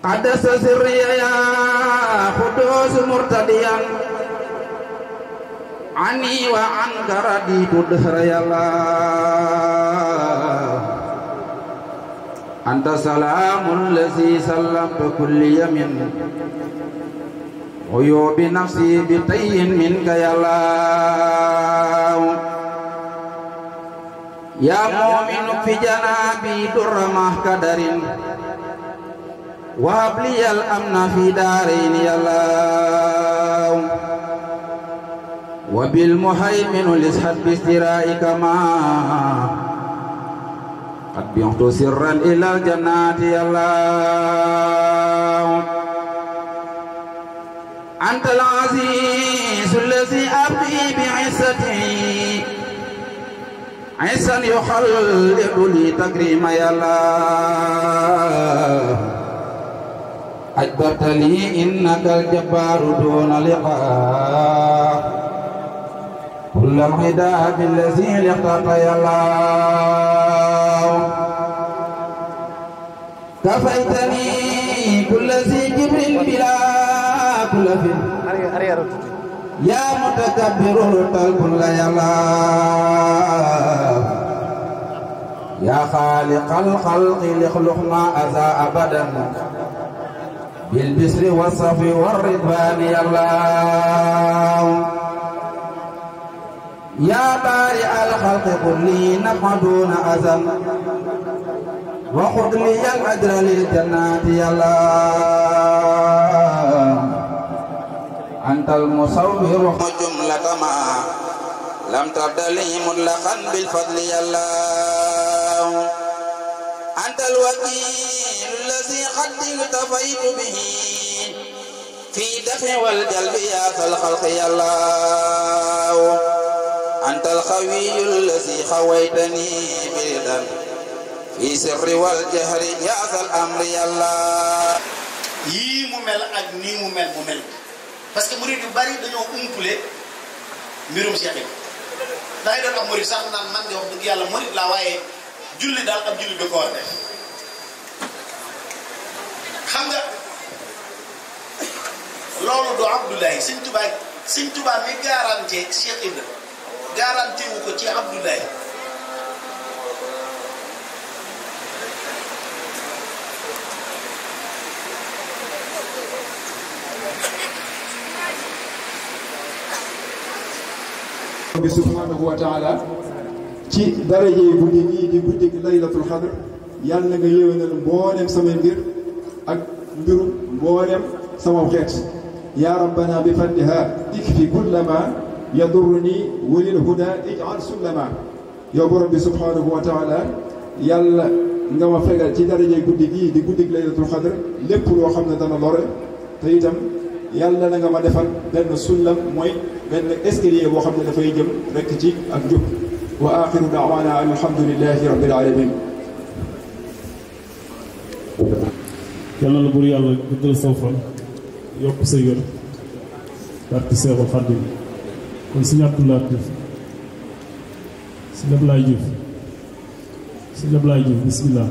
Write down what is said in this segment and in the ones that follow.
Ada sesirnya ya kudus murtadian Ani wa angkara di kudus rayala Anta salamun lazi salam bekulli yamin Uyo binafsi bitayin min kayalau Ya mu'minu fi janabi durramah kadarin وهب لي الأمن في دارين يا الله وبالمهيمن لسحب باسترائك ما قد بيعت سرا إلى الجنات يا الله أنت العزيز الذي أبقي بعزتي عزا يخلد لي تكريم يا الله أجبرت لي إنك الجبار دون لقاء كل انحداء بالذي لقاك يا الله كفيتني كل ذي جبر بلا كل فين يا متكبر قلب لا يلا يا خالق الخلق لخلق ما أذى أبدا بالبسر والصف والرضوان يا الله يا بارئ الخلق قل لي نفع دون وخذ لي الأجر للجنات يا الله أنت المصور جملة ما لم ترد لي مطلقا بالفضل يا الله أنت الوكيل الذي قد التفيت به في دفع والجلب يا ذا الخلق يا الله أنت الخوي الذي خويتني بالدم في سر والجهر يا ذا الأمر يا الله yii mu mel ak nii mu mel mu mel parce que murid yu bari dañoo umpule mbirum Seex yi dangay doon wax murid sax naan man de wax dëgg yàlla murid laa waaye julli daal ab julli da ko war def loolu du Abdoulaye sëñ Tuubaa sëñ Tuubaa mi ko ci Abdoulaye bi subhanahu wa taala ci daraje guddi gii di xadr yàlla nga yéwénal mboolem samay mbir ak mbirum mboolem sama xeet يا ربنا بفضلها اكفي كل ما يضرني وللهدى اجعل سلما يا رب سبحانه وتعالى يلا نغما فغال تي دارجي غودي دي دي غودي ليله القدر لب لو خامنا دا نور تيتام يلا نغما ديفال بن سلم موي بن اسكليه بو خامنا دا فاي جيم رك تي اك جوك واخر دعوانا الحمد لله رب العالمين يلا نقول يلا بدل صوفا yokku sa wér barke Seexul xaddi kon si ñàttu laa def si laay jëf si bismillah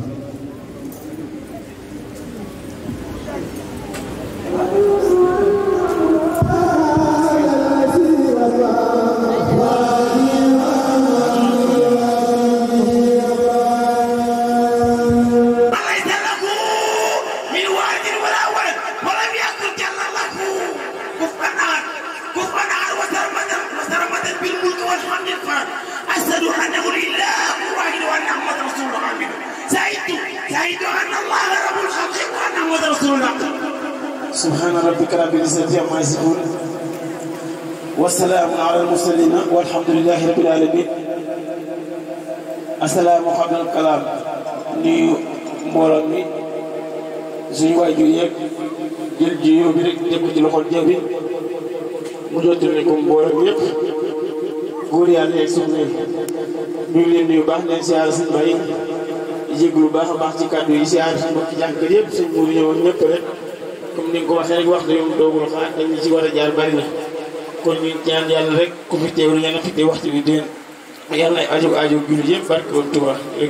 subhaana rabbika rabbil izzati ammaa yasifuun wa salaamun alal mursaliin walhamdulillaahi rabbil aalamiin assalaamu xablal kalaam nuyu mbooloo mi suñu waajur yëpp jël jiw bi rek def ko ci loxol jabi mu jottali ko mbooloo yëpp góor yàlla yeeg suñu ñu ngi leen nuyu baax leen siyaare suñu mbay jégalu baax a baax ci kàddu yi siyaare suñu mbokki jànkat yëpp suñu muur ñëwoon ñëpp rek. comme ni ko waxee rek wax dañoo doogul xaar dañ ci war a jaar bari na kon ñu ñaan yàlla rek ku fi teew rek yàlla fi teew waxtu bi déen yàlla aju aju jullit yëpp barke woon Tuuba nga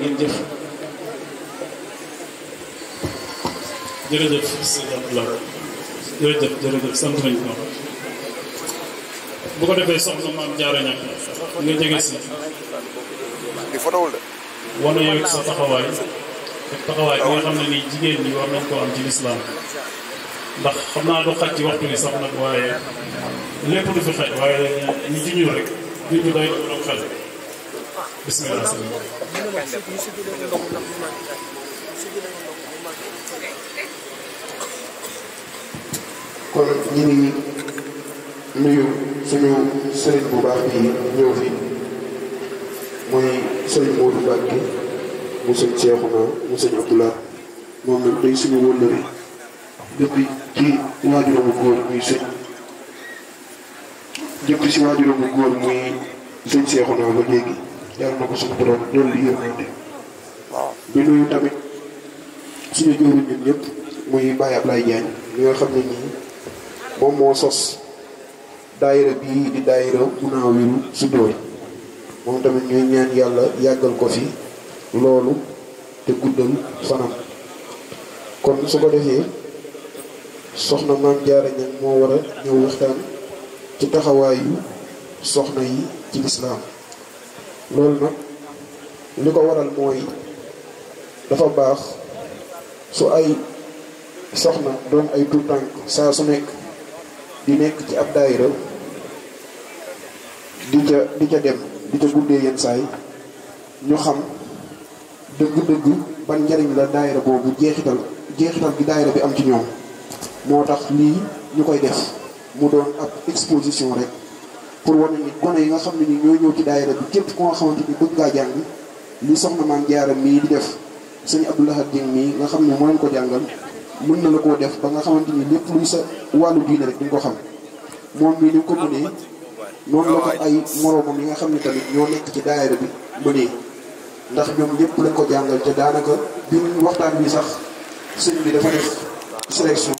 jege si ndax xam naa du xaj ci waxtu bi sax nag waaye lépp lu fi xaj ñëw rek duñ ñu doy bu baax bi ñëw fi mooy mu sëñ mu sëñ Abdoulaye moom nag day suñu wëllëri jëkk ci waajuramu góor muy sëñ jëkk ci waajuramu ba léegi yàlla na ko suñu borom dolli yërmande bi nuyu tamit suñu jëwriñ ñun ñëpp muy nga xam ne nii moom moo sos daayira bii di daayira Munaawiru Sudóor moom tamit ñooy ñaan yàlla yàggal ko fi loolu te guddal fanam kon su ko defee soxna maam jaara ñag moo war a ñëw waxtaan ci taxawaayu soxna yi ci lislaam loolu na li ko waral mooy dafa baax su ay soxna doon ay tuutànk saa su nekk di nekk ci ab daayira di ca di ca dem di ca guddee yenn saay ñu xam dëgg-dëgg ban njariñ la daayira boobu jeexital jeexital bi daayira bi am ci ñoom moo tax lii ñu koy def mu doon ab exposition rek pour wane ni gone yi nga xam ne ni ñoo ñëw ci daayira bi képp ku nga xamante ni bëgg ngaa jàng li soxna maam jaara mii di def sëñ Abdou Lahad Dieng mii nga xam ne moo leen ko jàngal mën na la koo def ba nga xamante ni lépp sa wàllu diine rek di nga xam moom mii ni ko mënee noonu la ko ay moroomam yi nga xam ne tamit ñoo nekk ci daayira bi mënee ndax ñoom lépp lañ ko jàngal te daanaka biñ waxtaan bi sax sëñ bi dafa def sélection